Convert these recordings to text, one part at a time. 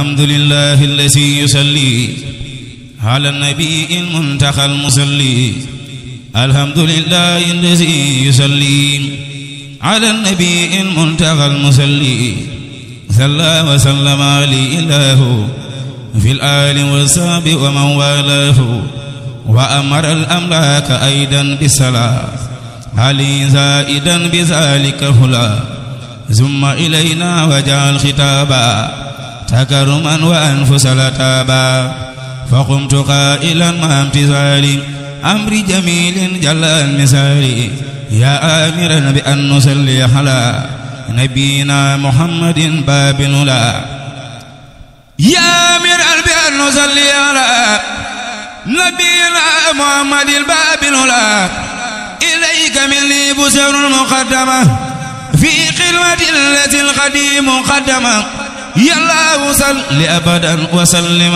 الحمد لله الذي يصلي على النبي المنتقى المصلي الحمد لله الذي يصلي على النبي المنتقى المصلي صلى وسلم عليه الله في الآل والصحب ومن والاه وأمر الأملاك أيضا بالصلاة علي زائدا بذلك هلا ثم إلينا وجعل خطابا تكرما وأنفس لتابا فقمت قائلا ما امتثالي أمر جميل جل المثال يا آمرا بأن نصلي على نبينا محمد باب لا يا آمرا بأن نصلي على نبينا محمد الباب لا إليك مني بسر مقدمة في خلوه التي القديم قدمه يلا وسل ابدا وسلم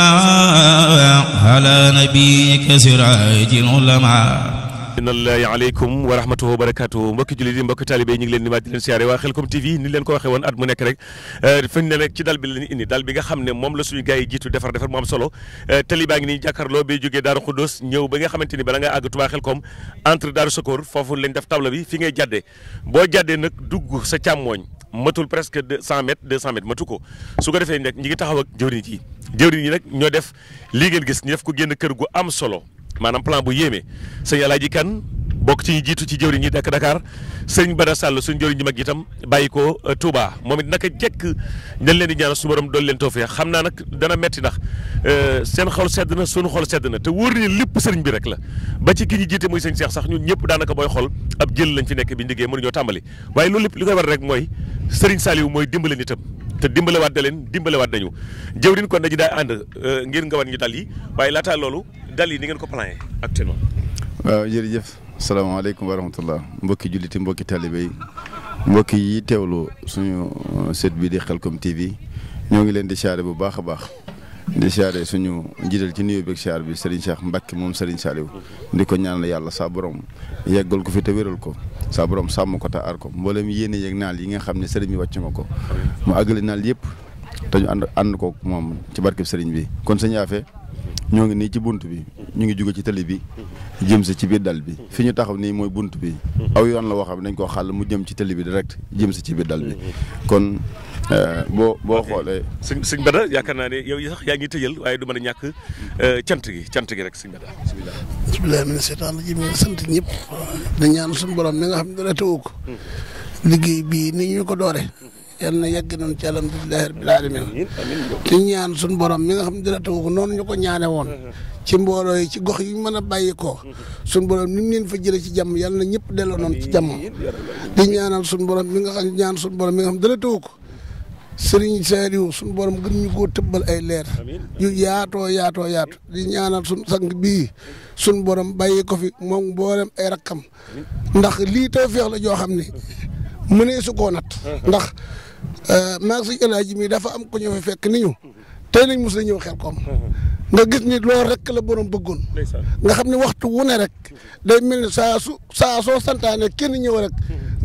على نبيك سراج العلماء ان الله عليكم ورحمته وبركاته مبك جليدي مبك طالبين نيغي لن نيبات دي لن سياري واخلكم تي في ني لن كو واخي وون ادمو نيك ريك آه، فني نيك سي دال بي لن اني دال بيغا خامني موم لا سوي غاي جيتو دفر دفر موم سولو آه، تلي باغي ني جاكارلو بي جوغي دار خدوس نييو باغي خامتيني بلا غا اغ توبا خلكم انتر دار سكور فوفو لن داف تابلو بي في غاي جادي بو جادي نك دوغ سا تيامون matul presque 100 mètres 200 mètres matuko su ko defé nak ñi ngi taxaw ak jëwriñ ci jëwriñ yi nak ño def li ngeen gis ñi def ko genn kër gu am solo manam plan bu yéme señ Aladji Kane bokk ci ñi jiitu ci jëwriñ ñi nekk Dakar sëriñ Bada Sall suñu jëwriñ ji mag tam bàyyi ko euh, Touba moom it naka jekk dañ leen di ñaanal su borom dool leen tawfeex xam naa nag dana metti ndax euh, seen xol sedd na suñu xol sedd na te wóor ni lépp sëriñ bi rek la ba ci ki ñu jiite muy sëñ Cheikh sax ñun ñëpp daanaka booy xol ab jël lañ fi nekk bi liggéey mënuñoo tàmbali waaye loolu lépp li koy war rek mooy sëriñ Saliou mooy dimbale nitam te dimbalewaat da leen dimbalewaat dañu jëwriñ kon dañu daay ànd euh, ngir nga wan ñu dal yi waaye laataa loolu dal yi ni ngeen ko plané actuellement waaw jërëjëf salaamaaleykum wa rahmatullah mbokki julliti mbokki talibe yi mbokki yi teewlu suñu uh, set bi di xel Khelcom TV ñoo ngi leen di siyaare bu baax a baax di siyaare suñu njiital ci nuyoo beeg bi Serigne Cheikh mbakki moom Serigne Saliou di ko ñaanal yàlla saa borom yeggal fi te wéral ko saa borom sàmm ko te aar ko mboolem yéene yeeg naal yi nga xam ne Serigne bi wàcc ma ko mu àggale naal yëpp te ñu ànd ànd ko moom ci barkeb Serigne bi kon sëñ Afe ñoo ngi nii ci bunt bi ñu ngi jóge ci tali bi jëm si ci biir dal bi fi ñu taxaw nii mooy bunt bi aw yoon la woo xam ne dañ koo xàll mu jëm ci tali bi direct jëm si ci biir dal bi kon euh, boo boo xoolee suñ suñ bada yaakaar naa ne yow sax yaa ngi tëjal waaye du mën a ñàkk euh, cant gi cant gi rek suñ bada bismillah bismillah mina seetaan la ji sant ñëpp da ñaan suñu borom mi nga xam ne dara tëwu ko hmm. liggéey bii ni ñu ko doore yal na yegg nañ ci alhamdulilahi rabbil alamin di ñaan suñu borom mi nga xam ne dina taw noonu ñu ko ñaane woon uh-huh. ci mbooloo yi ci gox yi mën a bàyyi ko uh-huh. suñu borom ni mu leen fa jëlee ci jàmm yal na ñëpp delloo noonu ci jàmm di ñaanal suñu borom mi nga xam ñaan suñu borom mi nga xam dina taw ko sëriñ Saaliw suñu borom gën ñu koo tëbbal ay leer yu yaatoo yaatoo yaatu di ñaanal suñu sang bii suñu borom bàyyi ko fi moom mboolem ay rakkam ndax lii tawfeex la joo xam ne mënee su nat uh-huh. ndax Euh, maa ngi suñu alaaji mi dafa am ko ñu fa fekk ni ñu tey lañ mos a ñëw xel koom nga gis ni loolu rek la borom bëggoon nga xam ne waxtu wu ne rek day mel ni saa su saa soo santaane kenn ñëw rek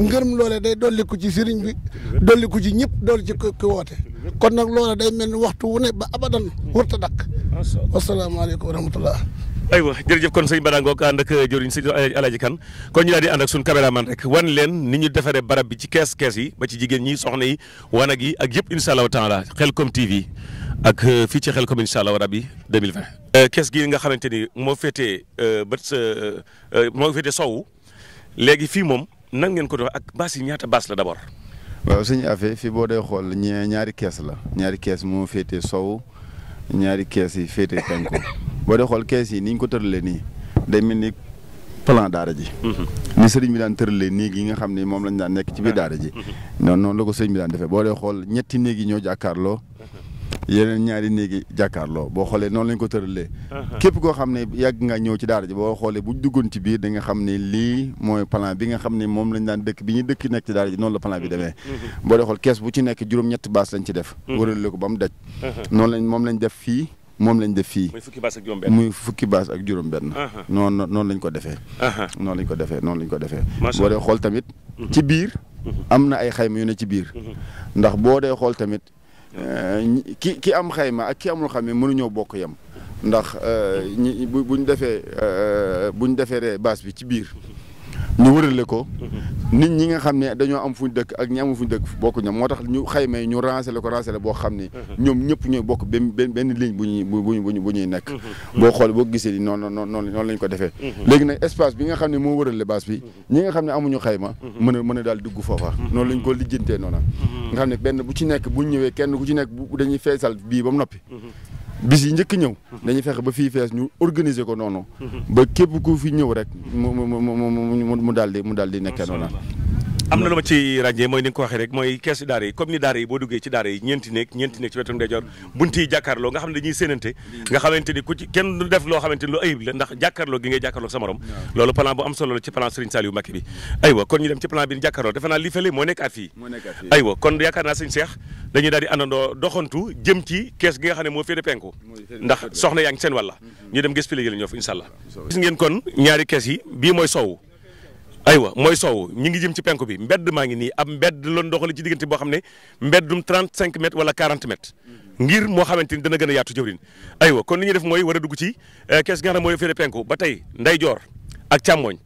ngërëm loolee day dolli ko ci sëriñ bi dolli ku ci ñëpp dolli ci ki woote kon nag loola day mel ni waxtu wu ne ba abadan wurta dakk wasalaamaaleykum wa rahmatullah aywa jërëjëf kon sëñ Bada Ngok ànd ak eh, jëriñ sëñ eh, Alaaji Kan kon ñu daal di ànd ak suñu caméraman rek wan leen ni ñu defaree barab bi ci kees kees yi ba ci jigéen ñi soxna yi wanag yi ak yëpp incha allahu taala Khelcom TV ak eh, fii ci Khelcom incha allahu rabi 2020. kees gi nga xamante ni moo féetee bët sa moo féetee sowu léegi fii moom nan ngeen ko doon ak baas yi ñaata baas la d' waaw suñu affaire fii boo dee xool ñaari kees la ñaari kees moo féetee sow ñaari kees yi féetee penku. boo dee xool kees yi ni ñu ko tëralee nii day mel ni plan ji. Mhm. ni sëriñ bi daan tëralee néeg yi nga xam ne moom lañ daan nekk ci biir ah. ji. Mhm. noonu noonu la ko sëriñ bi daan defee boo dee xool ñetti néeg yi ñoo jàkkaarloo. Mhm. yeneen ñaari néegi jàkkaarloo boo xoolee noonu lañ ko tëralee. képp koo xam ne yàgg nga ñëw ci daara ji boo xoolee bu duggoon ci biir da nga xam ne lii mooy plan bi nga xam ne moom lañ daan dëkk bi ñu dëkk nekk ci daara ji la plan bi demee. boo dee bu ci nekk juróom-ñetti baas lañ ci def. wërale ko ba mu daj. noonu lañ moom lañ def fii. moom lañ def fii. muy fukki baas ak juróom-benn muy fukki baas ak juróom-benn. lañ ko defee. noon lañ ko defee noonu lañ ko defee. boo dee xool tamit. Mhm. ci biir. Mhm. am na ay xayma yu ne ci biir. Mhm. ndax boo dee xool tamit eh, ki ki am xayma ak ki amul xayma mënuñoo bokk yem. ndax eh, ñi bu buñ defee eh, buñ defee baas bi ci biir. ñu wërale ko. nit ñi nga xam ne dañoo am fuñ dëkk ak ñi fu fuñ dëkk bokk ñoom moo tax ñu xayma yi ñu rancélé ko rancélé boo xam ne mhm. ñoom ñëpp ñooy bokk benn benn ligne bu ñuy bu bu ñuy nekk mhm. boo xoole boo gisee ni noonu noonu noonu lañ ko defee mhm. léegi nag espace bi nga xam ne moo wërale base bi ñi nga xam ne amuñu xayma mën a mën a daal dugg foofa noonu lañ ko lijjantee noona nga xam ne benn bu ci nekk buñ ñëwee kenn ku ci nekk dañuy feesal bii ba noppi bis yi njëkk ñëw dañuy fexe ba fii fees ñu organiser ko noonu ba képp ku fi ñëw rek mu mu mu mu mu daal di mu daal di nekkee noonu am na lu ma ci ràññee mooy ni nga ko waxee rek mooy keesu yi comme ni daara yi boo duggee ci daara yi ñeenti nekk ñeenti nekk ci wetu ndeyjoor bunt yi jàkkaarloo nga xam ne dañuy séenante nga xamante ni ku ci kenn du def loo xamante ni lu ayib la ndax jàkkaarloo gi ngay jàkkaarloo sa morom loolu plan bu am solo la ci plan Serigne Saliou Mbacké bi aywa di àndandoo doxantu jëm ci kees gi nga xam ne moo féete penku ndax soxna yaa ngi seen wàlla mm-hmm. ñu dem gis fi la ñoo fi inshallah gis ngeen kon ñaari kees yi bii mooy soow aywa mooy soow ñi ngi jëm ci penku bi mbedd maa ngi nii ab mbedd loon doxali ci diggante boo xam ne mbeddum 35 mètres wala 40 mètres ngir moo xamante ni dana gën a yaatu jëwrin aywa kon li ñuy def mooy war a dugg ci eh, kees gi nga xam ne mooy fële penku ba tey ndeyjoor ak càmmooñ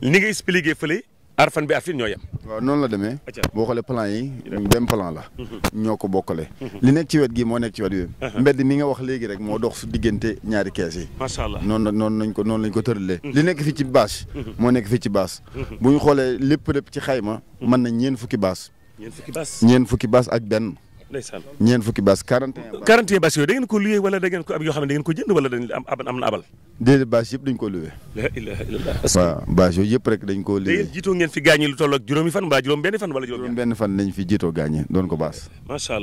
ni nga expliqué fële arfan bi arfin ñoo yem. waaw noonu la demee. boo xoolee plan yi. benn plan la. Mhm. ñoo ko bokkale. Mhm. li nekk ci wet gi moo nekk ci wet bi. Mhm. mbedd mi nga wax léegi rek moo dox su diggante ñaari kees yi. macha allah noonu noonu lañ ko noonu lañ ko tëralee. li nekk fii ci bâche. moo nekk fii ci bâche. bu ñu xoolee lépp lépp ci xayma. mën na ñeen fukki baas ñeen fukki bâche ñeen fukki bâche ak benn. ndeysaan fukki bâche 41 41 yooyu da ngeen ko loué wala da ngeen ko jënd wala dañ am abal déedéet bâche yëpp dañ ko loué la yooyu yëpp rek dañ ko loué déedéet ngeen fi gaañi lu toll ak fan mbaa juróom benn fan wala fi jiitoo gaañi doon ko bâche macha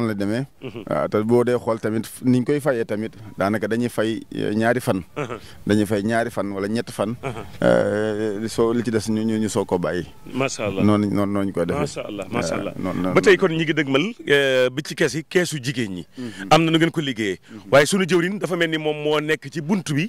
la demee mhm. waaw boo dee xool tamit niñ koy fayee tamit daanaka dañuy fay eh, ñaari fan mhm. dañuy fay ñaari fan wala ñetti fan mhm. eh, soo li ci des ñu ñu soog ko bàyyi. macha allah noonu noonu nooñu ko defee. macha allah macha ah, allah ba tey kon ñi ngi dëgmal eh, bi ci kees yi keesu jigéen ñi. Mhm. am na nu ngeen ko liggéeye mhm. waaye sunu jëwriñ dafa mel ni moom moo nekk ci bunt bi.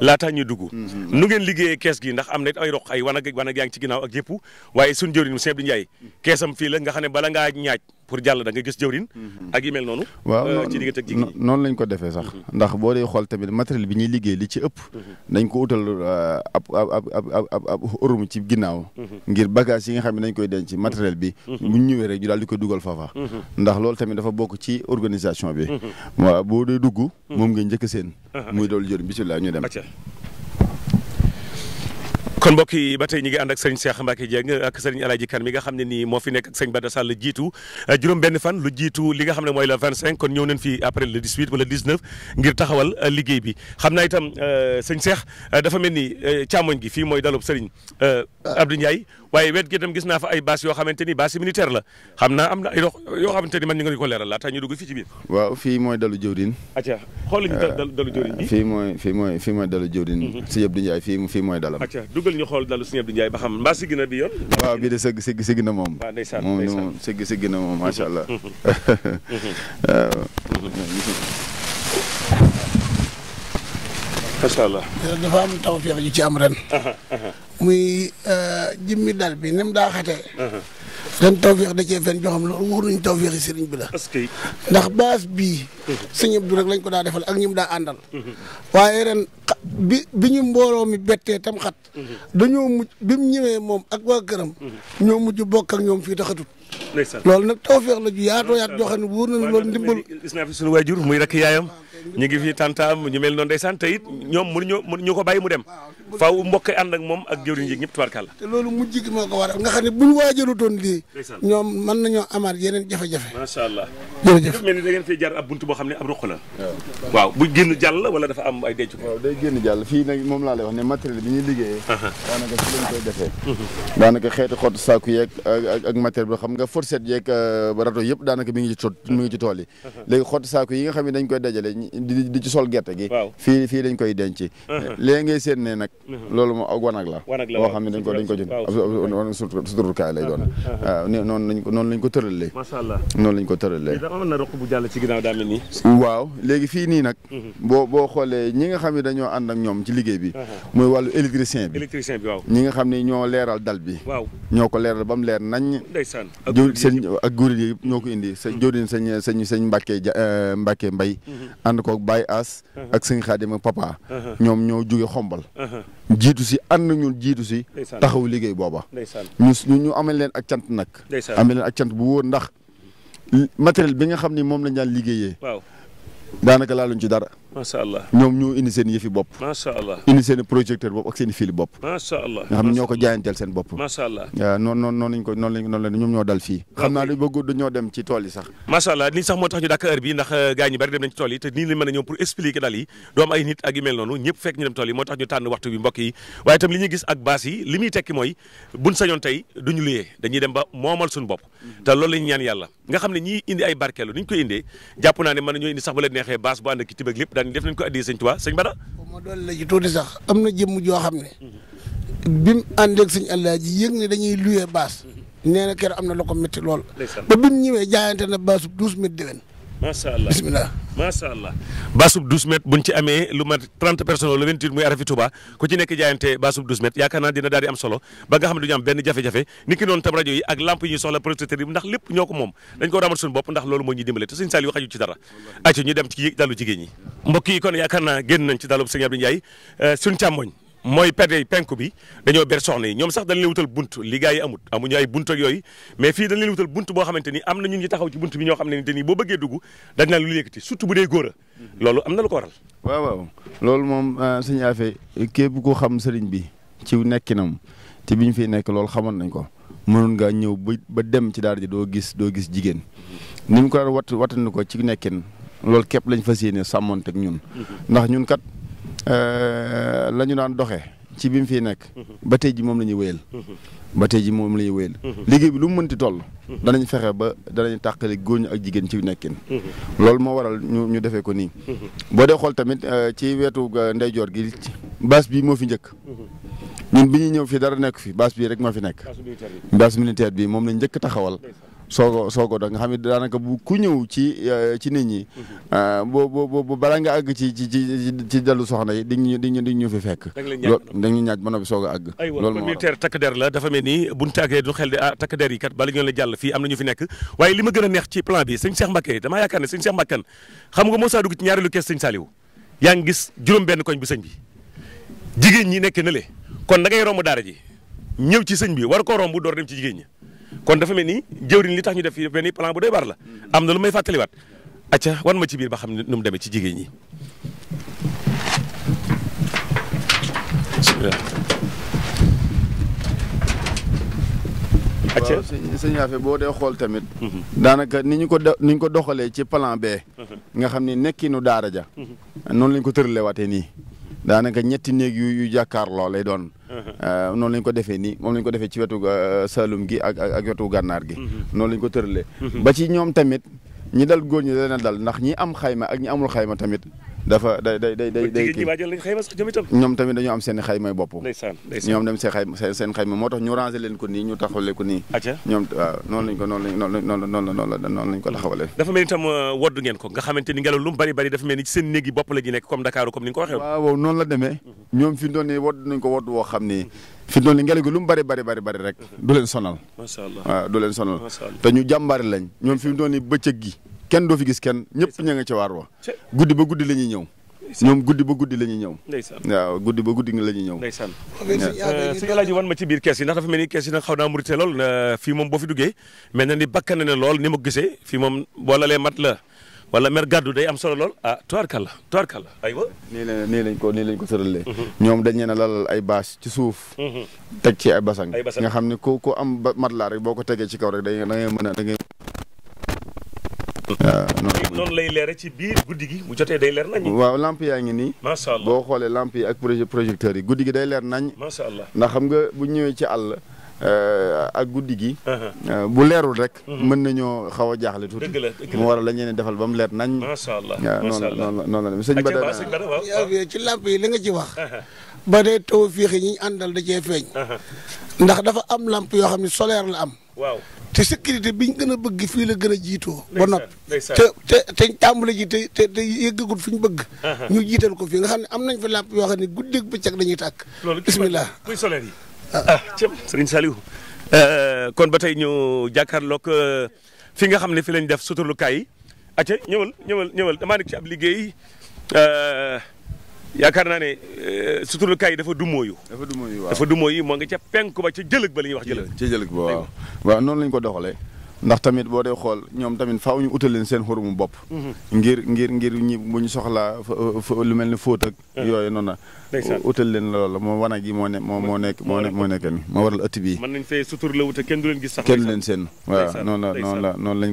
laataa ñu dugg. Mhm. nu ngeen liggéeyee kees gi ndax am na ay roq ay wanag wanag yaa ngi ci ginnaaw ak yëpp waaye sunu jëwriñ Sëñ Abdou Ndiaye keesam fii la nga xam ne bala ngaa ñaaj pour jàll da nga gis jëwrin mhm. ak yu mel noonu. waaw euh, ci diggante noonu lañ ko defee sax. Mhm. ndax boo dee xool tamit matériel bi ñuy liggéey li ci ëpp. Mhm. dañ ko utal euh, ab ab ci ginnaaw. ngir bagage yi nga xam ne dañ koy denc matériel bi. mu ñu ñëwee rek ñu daal di koy dugal faafa. ndax loolu tamit dafa bokk ci organisation bi. waaw boo dee dugg. moom nga njëkk seen. muy doolu jëriñ bisimilah ñu dem. kon mbokk yi ba tey ñu ngi ànd ak sëriñ Cheikh Mbacke Dieng ak sëriñ Alaaji Kan mi nga xam ne nii moo fi nekk ak sëriñ Bada Sall jiitu euh, juróom benn fan lu jiitu li nga xam ne mooy le 25 kon ñëw nañ fi après euh, liggéey bi xam naa itam euh, sëriñ Cheikh dafa mel ni càmmoñ gi fii mooy dalub sëriñ Abdou Ndiaye waaye wet gi naa fa ay bâche yoo xamante ni bâche militaire la xam na ay yoo xamante ni man ñu ngi ko leeral laata ñu dugg mooy dalu bi fii mooy fii mooy fii mooy dalu jëwdin mhm. sëriñ Abdou Ndiaye dugal ñu xool dalu Serigne Abdou Ndiaye ba xam mbaa sigg na bi yoon moom waaw ndeysaan ndeysaan moom sigg sigg na moom macha macha allah dafa am tawfeex ji ci am ren. muy euh, jimmi dal bi ni mu daa xatee. ren tawfeex da cee fen joxam loolu wóor nañu tawfeexi sëriñ bi la. ndax baas bi sëñ Abdou rek lañ ko daa defal ak ñi daa àndal. waaye ren bi bi ñu mbooloo mi bettee tam xat. dañoo mujj bi mu ñëwee moom ak waa këram. ñoo mujj bokk ak ñoom fii taxatut. lool nag tawfeex la ju yaatoo yaat joxe ne wóor nañu loolu ndimbal. gis naa fi sunu waajur muy rakk yaayam. ñu ngi fi tantaam ñu mel noonu day sant te it ñoom mënuñoo mënuñu ko bàyyi mu dem faaw mbokk ànd ak moom ak jëwriñ yi ñëpp ne buñ waajalutoon lii ñoom mën nañoo amaat yeneen jafe-jafe macha allah jërëjëf mel ni da ngeen fee jar ab bunt boo xam ne ab ruq la waaw bu génn jàll wala dafa am ay denc waaw day génn jàll fii nag moom laa lay bi ñuy liggéeyee daanaka fi lañ koy defee daanaka xeeti xottu saaku yeeg ak matériel bi xam nga fourchette yeeg euh, rato yëpp daanaka mi ngi ci tool yi léegi xottu saaku yi nga xam ne dañ koy dajale di ci sol gerte gi. waaw fii fii dañ koy denc. Uh-huh. léegi ngay séen ne nag. Uh-huh. loolu moom ak wanag la. wanag la boo xam ne dañ ko dañ ko jënd. waaw suturukaay lay doon. Uh-huh. waaw noonu lañ ko noonu lañ ko tëralee. macha lañ ko tëralee. dama mën na roq bu jàll ci ginnaaw daa mel waaw léegi fii nii nag. boo boo xoolee ñi nga xam ne dañoo ànd ak ñoom ci liggéey bi. muy wàllu électricien bi. électricien bi waaw. ñi nga xam ni ñoo leeral dal bi. waaw ñoo ko leeral ba mu leer nañ. ndeysaan ak góor yi ñoo ko indi sa jóorin sañ sañ sañ Mbàkke eh, Mbàkke Mbay ànd koog Baye As. Uh-huh. ak sëñ Xaadim ak papa. Uh-huh. ñoom ñoo jóge xombal. Uh-huh. jiitu si ànd ñun jiitu si. taxaw liggéey booba. ñu ñu amee leen ak cant nag. amee leen ak cant bu wóor ndax matériel bi nga xam ni moom lañ daan liggéeyee. daanaka laaluñ ci dara. macha allah ñoom ñoo indi seen yëfi bopp. indi seen projecteur bopp ak seen i fili bopp. macha allah nga xam ne ñoo ko jaayanteel seen bopp. noonu la ñoom ñoo dal fii. xam naa du bëgg dañoo dem ci tool yi sax. macha allah sax moo tax ñu dàkk heure bi ndax euh, gars bari dem nañ ci tool yi te nii lañ mën a ñoom pour expliquer daal yi doo ay nit ak yu noonu ñëpp fekk ñu dem tool yi moo tax ñu tànn waxtu bi mbokk yi waaye itam li ñuy gis ak baas yi li muy tekki mooy buñ sañoon tey duñu ba moomal suñu bopp mhm. te loolu lañu nga xam ne ñii indi ay barkeelu niñ koy indee naa ne mën nañoo daan def nañ ko addi sëñ Tuubaa sëñ Bada. ma doon la ci tuuti sax am na jëmm joo xam ne. bi mu ànd ak sëñ Alaaji yëg ne dañuy luyee baas. Mm-hmm. nee na kër am na lu ko métti lool. ba bi mu ñëwee jaayante na baasu douze mille déwén. macha allah bisimilah macha allah. baasub 12 mètres buñ ci amee lu mat 30 personnes wala 28 muy Arafat Touba ku ci nekk jaayante baasub 12 mètres yaakaar naa dina daal di am solo ba nga xam ne du ñu benn jafe-jafe ni ki noonu tam rajo yi ak lamp yi ñuy soxla projecteur yi ndax lépp ñoo ko moom dañ ko raamal suñu bopp ndax loolu moo ñuy dimbale te suñu saal yu ci dara acca ñu dem ci dalu jigéen ñi mbokk yi kon yaakaar naa génn nañ ci dalub sëñ Abdou Ndiaye euh, suñu càmmoñ mooy perte penk bi dañoo ber soxna yi ñoom sax dañ leen wutal bunt li yi amut amuñu ay bunt ak yooyu mais fii dañ leen wutal bunt boo xamante ni am na ñun ñu taxaw ci bunt bi ñoo xam ne te nii boo bëggee dugg dañ naa lu yëkkati surtout bu dee góor mhm. loolu am na lu ko waral waaw waaw loolu moom euh, sëñ Afe képp ko xam sëriñ bi ci nekkinam te bi ñu fi nekk loolu xamoon nañ ko mënoon ngaa ñëw ba ba dem ci daara ji doo gis doo gis jigéen ni mu ko daan wat watandi ko ci nekkin loolu képp lañ fas yéene sàmmoon teg ñun mhm. ndax ñun Euh, la ñu daan doxe ci bii mu fiy nekk. ba tey ji moom la ñuy wéyal. ba tey ji moom la ñuy wéyal. liggéey bi lu mu mënti toll. danañ fexe ba danañ tàqale góoñ ak jigéen ci nekkin. loolu moo waral ñu ñu defee ko nii. boo dee xool tamit euh, ci wetu euh, ndeyjoor gi baas bii moo fi njëkk. ñun bi ñuy ñëw fii dara nekk fi baas bii rek moo fi nekk. baas militaire bi moom lañ njëkk taxawal. soogo soogo da nga xam ne daanaka bu ku ñëw ci euh, ci nit ñi. Mhm. Euh, boo boo boo balaa nga àgg ci ci ci ci dellu soxna yi di ñu di ñu di ñu fi fekk. da ñu ñaaj ba noppi soog a àgg. loolu moo militaire takk der la dafa mel ni bu ñu tàggee du xel di ah takk der yi kat bala ñu la jàll fi am na ñu fi nekk waaye li ma gën a neex ci plan bi sëñ Cheikh Mbacke damaa yaakaar ne sëñ Cheikh Mbacke xam nga moo saa dugg ci ñaareelu kees sëñ Saliou yaa ngi gis juróom benn koñ bu sëñ bi jigéen ñi nekk na le kon da ngay romb daara ji ñëw ci sëñ bi war koo romb door dem ci jigéen ñi kon defe mel ni jëwriñ li tax ñu def fii benn plan bu doy waar am na lu may fàttaliwaat acca wan ma ci biir ba xam ne nu mu demee ci jigéen ñi. waaw sëñ Yaafe boo dee xool tamit. Mhm. daanaka ni ñu ko ni ko doxalee ci palan B. Mhm. nga xam ni nekkinu daara ja. Mhm. noonu lañ ko tëralewaatee nii. daanaka ñetti néeg yu yu jàkkaarloo lay doon. Euh, noonu lañ ko defee nii moom lañ ko defee ci wetu euh, Saloum gi ak ak wetu gànnaar gi. Mhm. noonu lañ ko tëralee. Mhm. ba ci ñoom tamit ñi dal góor ñi dana dal ndax ñi am xayma ak ñi amul xayma tamit dafa day day day day. jigéen ñi ñoom tamit dañu am seen i xaymay bopp. ndeysaan ndeysaan ñoom dem seen xayma seen xayma moo tax ñu rangé leen ko nii ñu taxawale ko nii. ñoom waaw noonu lañ ko noonu lañ noonu noonu noonu la noonu lañ ko taxawalee. dafa mel tam euh, ngeen ko nga ngelaw lu bari bari dafa seen la comme Dakar comme ni ko waaw noonu la demee. ñoom fi mu doon nañ ko woddu woo xam fi doon ngelaw gi lu mu bari bari bari bari rek du leen sonal. macha allah du leen sonal. te ñu lañ fi gi kenn doo fi gis kenn ñëpp ña nga ca waar wa guddi ba guddi la ñuy ñëw ñoom guddi ba guddi la ñuy ñëw waaw guddi ba guddi la ñuy ñëw ndeysaan suñu eh, laaj wan ma ci biir kees yi ndax dafa mel ni kees yi nag xaw naa murite lool fii moom boo fi duggee mel na ni bakkan ne lool ni ma gisee fii moom wala lee mat la wala mer gàddu day am solo lool ah tubaarkàlla tubaarkàlla aywa nii la nii lañ ko nii lañ ko sëralee mhm. ñoom dañ leen a lalal ay bâche ci suuf mhm. teg ci ay basang nga xam ne ko ku am mat laa rek boo ko tegee ci kaw rek da ngay mën a da ngay noonu lay leere ci biir guddi gi bu jotee day leer nañ. waaw lamp yaa ngi nii. macha allah boo xoolee lamp yi ak projet projecteurs yi guddi gi day leer nañ. macha allah ndax xam nga bu ñëwee ci àll. Euh, ak guddi gi. Euh, bu leerul rek. Mhm. mën nañoo xaw a jaaxle tuuti. dëgg la dëgg la mu waral la ñu defal ba mu leer nañ. macha allah macha allah noonu noonu la sëñ Badara ci làmp yi li nga ci wax. ba dee taw fiix yi ñu àndal da cee feeñ. ndax dafa am làmp yoo xam ne solaire la am. waaw te sécurité biñ gën a bëgg fii la gën a jiitoo ba noppi te te te tàmbali ji te te te yëggagul fu ñu bëgg ñu jiital ko fii nga xam ne am nañ fa làmp yoo xam ne guddeeg bëccëg dañuy tàkk bismillah muy solaire yi ah, ah cëm euh, kon ba tey ñu jàkkaarloog euh, fi nga xam ne fi lañ def suturlukaay yi aca ñëwal ñëwal ñëwal damaa nekk ci ab liggéey euh, yaakaar naa ne euh, suturlukaay yi dafa dumóoyu dafa dumóoyu waaw dafa dumóoyu moo ngi ca penku ba ca jëlëg ba li wax jëlëg ca jëlëg ba waaw waaw noonu lañ ko doxalee ndax tamit boo dee xool ñoom tamit faaw ñu utal leen seen xurumu bopp. Mhm. ngir ngir ngir ñi bu ñu soxlaa lu mel ni fóot ak. Ah. yooyu noonu la. utal leen loola moo wanag yi moo ne moo moo nekk moo moo nekk moo waral ëtt bii. mën nañ fee sutur la wute kenn du leen gis sax. kenn leen la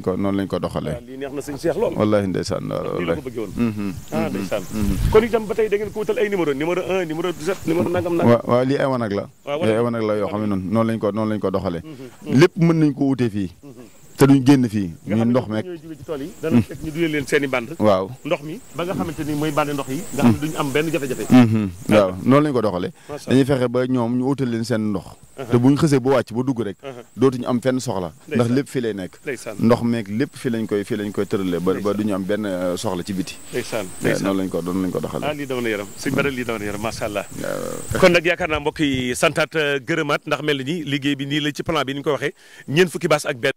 ko noonu lañ ko doxalee. waaw ah, lii neex na sëñ Cheikh lool. wallaahi ndeysaan waaw wallaahi. Mhm, ah mhm, ndeysaan. kon itam ba tey da ngeen ko wutal ay numéro numéro 1 numéro 17 numéro nangam nag. waaw waaw lii ay wanag la. waaw wanag la yoo xam ne noonu noonu lañ ko noonu lañ ko doxalee. lépp nañ ko wute fii te duñ génn fii muy ndox meeg i band waaw ndox mi ba nga xamante ni mooy band ndox yi nga xam ne mm. duñu am benn jafe-jafe mm-hmm. waaw noonu lañu ko doxale dañuy fexe ba ñoom ñu utal leen seen ndox uh-huh. te buñ xësee ba wàcc ba dugg rek uh-huh. dootuñu am fenn soxla ndax lépp fi lay nekk ndox lépp fii lañ koy fii ba ba duñu am benn uh, soxla ci biti noonu lañ ko noonu lañ ko doxale ah lii daw na yaram suñ baral lii daw na yaram kon nag yaakaar naa mbokk santaat uh, gërëmaat ndax mel ni liggéey bi nii la ci plan bi ni ñu ko waxee ñeent fukki baas ak benn